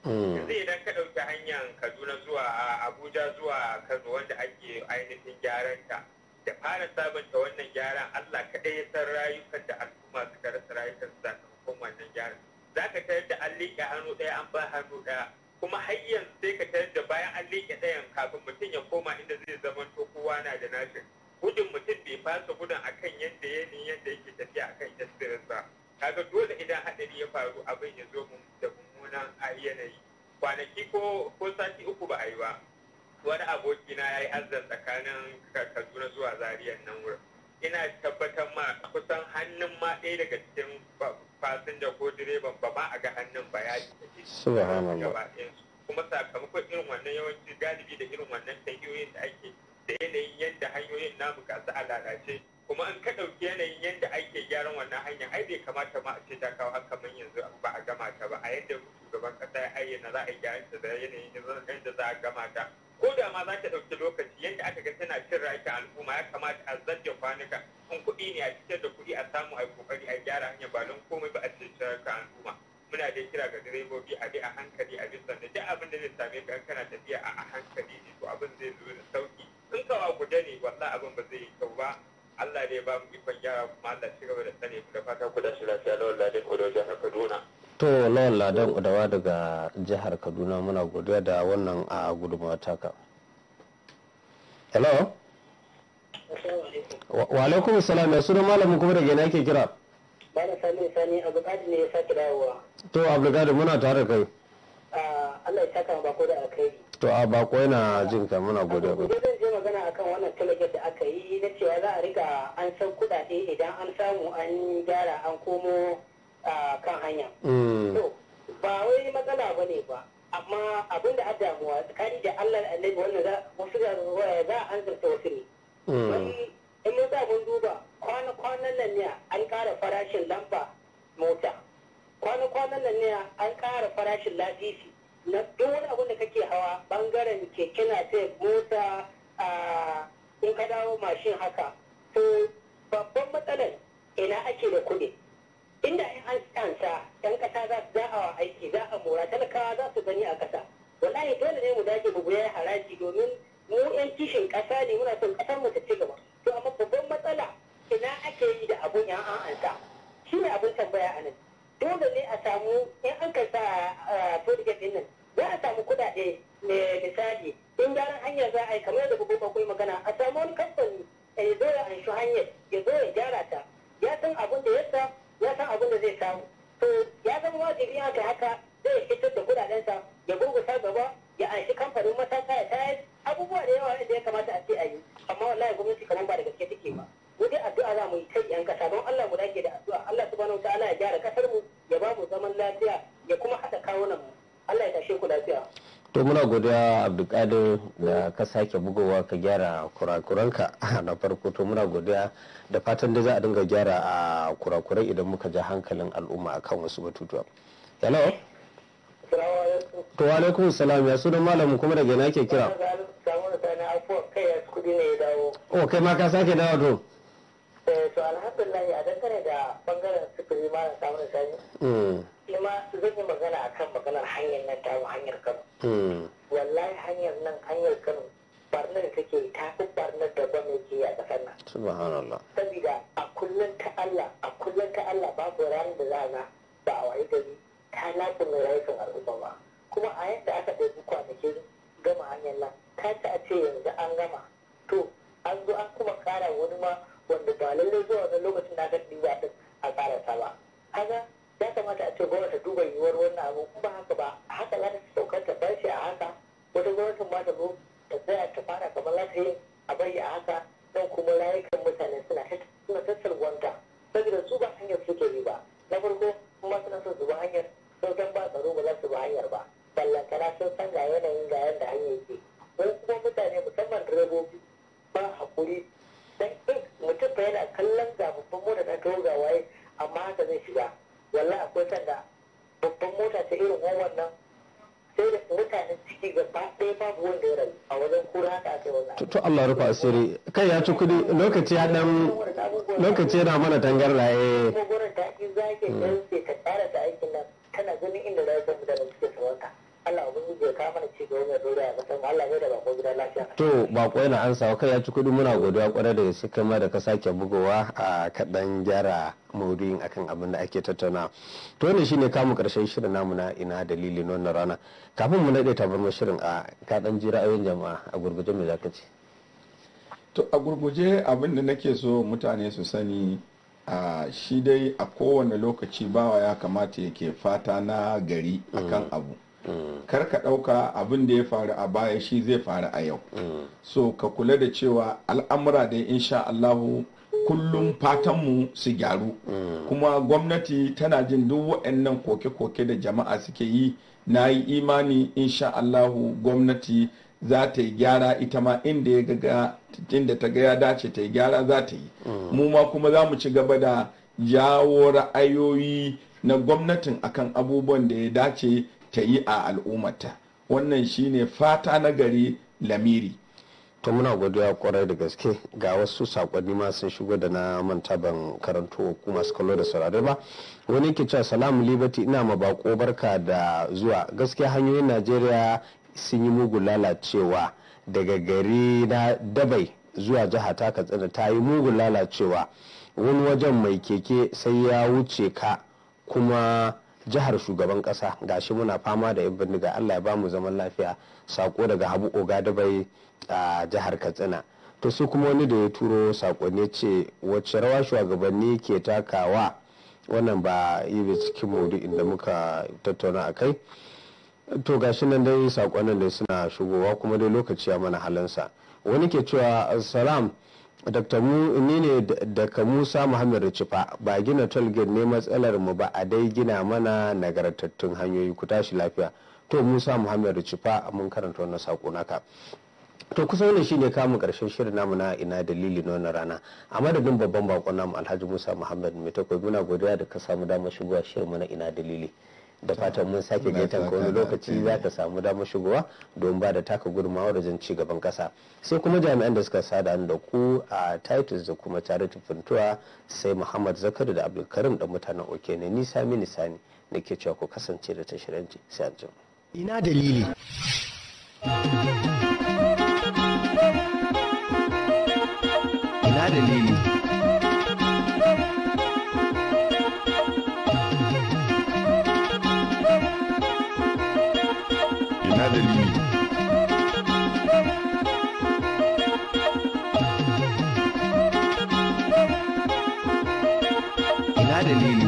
Mm. zai idan ka ɗauki hanyar kaduna zuwa abuja zuwa kano wanda ake ainihin gyaran ta da fara sabunta wannan gyaran allah kaɗai ya san rayukan da al'umma suka rasa rayukan sakamakon wannan gyaran za ka tayar da an liƙe hannu ɗaya an ba hannu ɗaya kuma har sai ka tayar da bayan an liƙe ɗayan kafin mutum ya koma inda zai zama to kowa na da nashi gudun mutum bai fasa gudun akan yadda ya yanayin yadda yake tafiya akan yadda ba kaga dole idan haɗari ya faru abin ya zo mu da mu a yanayi kwanaki ko ko sati uku ba a yi ba wani aboki na yayi azza tsakanin Kaduna zuwa Zariyan nan wurin ina tabbatar ma kusan hannun ma ɗaya daga cikin fasinja ko direban ba ma a ga hannun ba ya yi kuma sakamakon irin wannan yawanci galibi da irin wannan tahiyoyin da ake da yanayin yadda hanyoyin namu kasu a lalace kuma an ka ɗauki yanayin yadda ake gyaran wannan hanyar ai bai kamata ma a ce ta kawo haka man yanzu ba a gama ta ba a yadda shugaban ƙasa ya ayyana za a gyara ta da yanayin yadda za a gama ta ko da ma za ta ɗauki lokaci yadda aka ga tana cin rayuka al'umma ya kamata a zarge kwanuka in kuɗi ne a fitar da kuɗi a samu a kokari a gyara hanyar ba don komai ba a cin rayuka al'umma muna da kira ga direbobi a bi a hankali a bisa da duk abin da zai same ka kana tafiya a hankali ne to abin zai zo da sauki in kawo guda ne wallahi abin ba zai yi kyau ba Allah ne ba mu ikon gyara mu. Allah ci gaba da tsare mu da fata ku da shi lafiya lawan ladan ku da jihar Kaduna. To lawan ladan kudawa daga jihar Kaduna muna godiya da wannan a gudunmawa taka. Hello? Wa alaikum salam ya suna malamin kuma da gina ke kira. Bala Sani Sani Abdulkadir ne ya sake dawowa. To Abdulkadir muna tare kai. Allah ya saka bako da yi. To a bako yana jin ka muna gode. Gobe zan je magana akan wannan talaga da aka yi na cewa za a riga an san kuɗaɗe idan an samu an gyara an komo kan hanya. Mm. To ba wai matsala ba ne ba. Amma abin da a damuwa tsakani da Allah annabi wannan za wasu za a an zarta wasu ne. Mm. In mun sa mun duba kwana-kwanan nan ne an ƙara farashin lamba mota. kwana-kwanan nan ne an kara farashin latifi na wani abin da kake hawa bangaren keke na mota a in ka dawo mashin haka to babban matsalar ina ake da kuɗi inda in an tsanta yan kasa za su a aiki za a mora talakawa za su gani a kasa wallahi dole ne mu dage mu yi haraji domin mu yan kishin kasa ne muna son kasar mu ta ci gaba to amma babban matsala ina ake yi da abun yan an ansa shi ne abun tambaya a nan dole ne a samu in an ka sa eh, a din nan za a samu kuɗaɗe eh, misali in gyaran hanyar za a yi kamar da bugu bakwai magana a samu wani kamfani eh, ya zo ya anshi hanyar ya zo ya gyara ta ya san abin da ya sa ya san abin da zai samu to ya zama wajibi haka haka zai fitar da sa ya gurgusa gaba ya anshi kamfanin matasa ya tayar abubuwa da yawa da ya kamata a ce a yi amma wallahi gwamnati kamar ba da gaske take ba mu dai addu'a za mu yi kai yan kasa don Allah guda ke da addu'a Allah subhanahu wa ta'ala ya gyara kasar mu ya ba mu zaman lafiya ya kuma haɗa kawunan mu Allah ya tashe ku lafiya to muna godiya abdulkadir da ka sake bugowa ka gyara kurakuranka na farko to muna godiya da fatan da za a dinga gyara a kurakurai idan muka ja hankalin al'umma akan wasu batutuwa hello to wa alaikum salam ya sunan malamu kuma daga na ke kira o oh, kai ma ka sake dawo to Eh, to alhamdulillah a dangane da bangaren sufuri mara na samun sani hmm. shi ma zan yi magana akan maganar hanyar nan ta hanyar kano hmm. wallahi hanyar nan hanyar kano barnar da take ta fi barnar da gwamnati ke a kasar nan subhanallah saboda a kullum ta Allah a kullum ta Allah babu ranar da za a ba a wayi gari ta lafi mai rayukan al'umma ba kuma a yadda aka ɗauki kwanakin gama hanyar nan ta ci a ce yanzu an gama to an zo an kuma ƙara wani ma wanda ba lallai zuwa wani lokacin da aka ba ɗin a karasa ba kaga ya kamata a ce gwamnati duba yiwuwar wannan abu kuma ba haka ba A haka za ta saukar ta bashi a haka wata gwamnatin ba ta zo ta tsaya ta fara kamar za ta yi a bari a haka don kuma rayukan mutane suna suna tattalwanta saboda su ba hanyar suke yi ba na farko kuma suna son su hanyar sun ba tsaro ba za su ba hanyar ba ballantana sun san ga yanayin ga yanda hanyar ke wani kuma mutane musamman direbobi ba hakuri fa yana kallon ga babban mota ta kawo ga waye amma haka zai shiga walla akwai sanda babban mota ta irin wannan nan sai da mutanen ciki ga ɗaya babu wanda ya rai a wajen kura haka aka yi to Allah rufa asiri kai ya ci kudi lokaci ya dan lokaci yana mana tangarda eh gurin ta ki zake mm. dan sai ka tsara da aikin nan tana ganin inda za ka mutane suke sawanka Allah ubangiji ya kama dole a kasan Allah ne da gida lafiya to bako yana an sawa kai ya ci kudi muna godiya kwarai da gaske kai ma da ka sake bugowa a kaɗan gyara maudu'in akan abin da ake tattauna to ne shine kamun karshen shirin namu na ina dalilin wannan rana kafin mu tabar tabarmar shirin a kaɗan ji ra'ayoyin jama'a a gurguje mai zaka ce to a gurguje abin da nake so mutane su sani a shi dai a kowane lokaci bawa ya kamata yake fata na gari akan mm. abu kar ka ɗauka abin da ya faru a baya shi zai faru a yau so ka kula da cewa al'amura da insha Allahu kullum fatanmu su gyaru kuma gwamnati tana jin duk waɗannan koke-koke da jama'a suke yi na yi imani insha Allahu gwamnati za ta yi gyara ita ma inda ya gaga inda ta ga ya dace ta yi gyara za ta yi mu ma kuma za mu ci gaba da jawo ra'ayoyi na gwamnatin akan abubuwan da ya dace ta yi a al'ummata wannan shine fata na gari lamiri to muna godiya kwarai da gaske ga wasu sakonni ma sun shigo da na manta ban karanto ko masu kallo da saurare ba wani ke cewa salamu liberty ina ma bako barka da zuwa gaske hanyoyin najeriya sun yi mugun lalacewa daga gari na dabai zuwa jiha ta katsina ta yi mugun lalacewa wani wajen mai keke sai ya wuce ka kuma jihar shugaban kasa gashi muna fama da yin bindiga allah ya bamu zaman lafiya sako daga habu oga bai a jihar katsina to su kuma wani da ya turo ne ce wacce rawa shugabanni ke takawa wannan ba yi cikin mudu da muka tattauna a kai to gashi nan dai sakonnin da suna shigowa kuma dai lokaci ya mana halinsa wani ke cewa salam dr ni ne daga musa muhammad rucifa ba gina tolgate ne matsalar mu ba a dai gina mana nagartattun hanyoyi ku tashi lafiya to musa muhammad rucifa mun karanta wannan sako naka to kusa wannan shine kama karshen shirin namu na ina dalili na wannan rana a madadin babban bakon namu alhaji musa muhammad mai takwai muna godiya da ka samu damar shigowa shirin mana ina dalili da fatan mun sake gaitan ka wani lokaci za ta samu damar shigowa don ba da taka gudunmawa wajen ci gaban kasa sai kuma jami'an da suka sada da ku a titus da kuma charity funtuwa sai muhammad zakaru da abdulkarim da mutanen oke ne nisa mini sani na ke cewa ku kasance da tashiranci sai an ina dalili ina dalili de